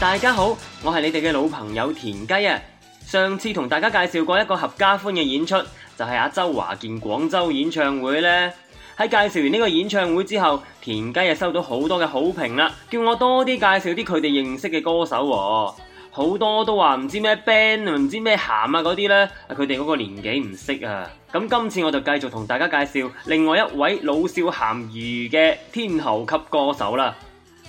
大家好，我係你哋嘅老朋友田雞啊！上次同大家介紹過一個合家歡嘅演出，就係、是、阿周華健廣州演唱會咧。喺介紹完呢個演唱會之後，田雞啊收到好多嘅好評啦，叫我多啲介紹啲佢哋認識嘅歌手、啊，好多都話唔知咩 band 唔知咩鹹啊嗰啲咧，佢哋嗰個年紀唔識啊。咁今次我就繼續同大家介紹另外一位老少咸魚嘅天后級歌手啦。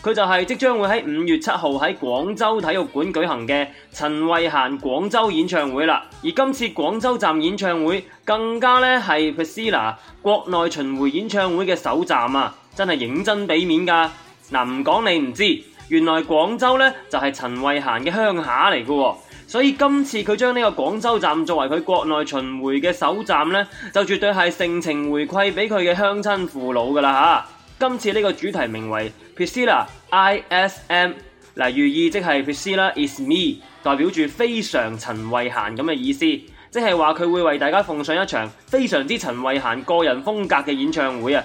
佢就係即將會喺五月七號喺廣州體育館舉行嘅陳慧嫻廣州演唱會啦，而今次廣州站演唱會更加咧係 Priscilla 啦，國內巡迴演唱會嘅首站的啊，真係認真俾面噶嗱，唔講你唔知，原來廣州呢就係、是、陳慧嫻嘅鄉下嚟噶，所以今次佢將呢個廣州站作為佢國內巡迴嘅首站呢，就絕對係盛情回饋俾佢嘅鄉親父老噶啦今次呢個主題名為 Priscilla ISM，嗱寓意即係 Priscilla is me，代表住非常陳慧嫻」咁嘅意思，即係話佢會為大家奉上一場非常之陳慧嫻個人風格嘅演唱會啊！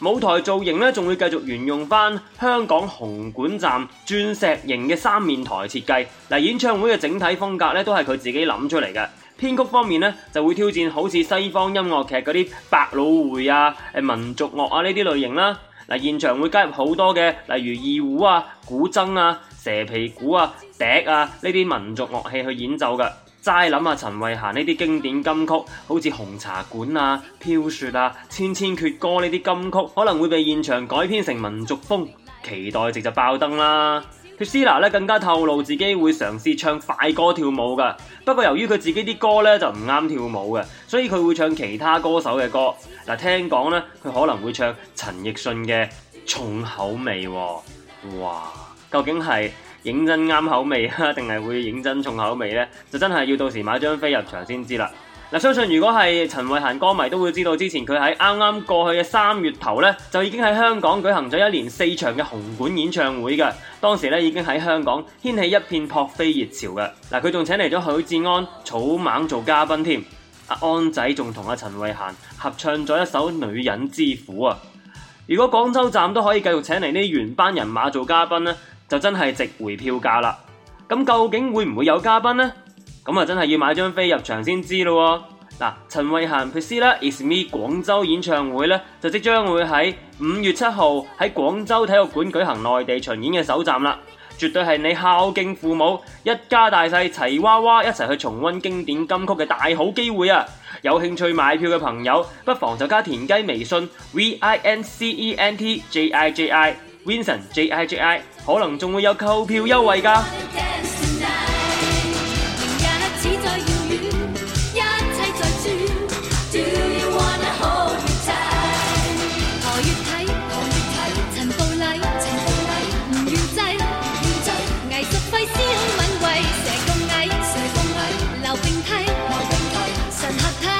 舞台造型呢仲會繼續沿用翻香港紅館站鑽石型嘅三面台設計。嗱，演唱會嘅整體風格咧，都係佢自己諗出嚟嘅。編曲方面呢，就會挑戰好似西方音樂劇嗰啲百老匯啊、民族樂啊呢啲類型啦。嗱，現場會加入好多嘅，例如二胡啊、古箏啊、蛇皮鼓啊、笛啊呢啲民族樂器去演奏嘅。齋諗下陳慧嫻呢啲經典金曲，好似《紅茶館》啊、《飄雪》啊、《千千闕歌》呢啲金曲，可能會被現場改編成民族風，期待值就爆燈啦！薛斯娜咧更加透露自己會嘗試唱快歌跳舞噶，不過由於佢自己啲歌咧就唔啱跳舞嘅，所以佢會唱其他歌手嘅歌。嗱，聽講咧佢可能會唱陳奕迅嘅重口味，哇！究竟係認真啱口味啊，定係會認真重口味咧？就真係要到時買張飛入場先知啦。嗱，相信如果係陳慧嫻歌迷都會知道，之前佢喺啱啱過去嘅三月頭咧，就已經喺香港舉行咗一年四場嘅紅館演唱會㗎。當時咧已經喺香港掀起一片撲飛熱潮嘅。嗱、啊，佢仲請嚟咗許志安、草蜢做嘉賓添。阿、啊、安仔仲同阿陳慧嫻合唱咗一首《女人之苦》啊！如果廣州站都可以繼續請嚟呢啲原班人馬做嘉賓呢，就真係值回票價啦。咁究竟會唔會有嘉賓呢？咁、哦、啊，真係要買張飛入場先知咯～嗱，陳慧嫻 p l s 啦，Is Me 廣州演唱會咧，就即將會喺五月七號喺廣州體育館舉行內地巡演嘅首站啦！絕對係你孝敬父母、一家大細齊娃娃一齊去重溫經典金曲嘅大好機會啊！有興趣買票嘅朋友，不妨就加田雞微信 V I N C E N T J I J I，Vincent J I J I，可能仲會有購票優惠㗎～合體，神合體。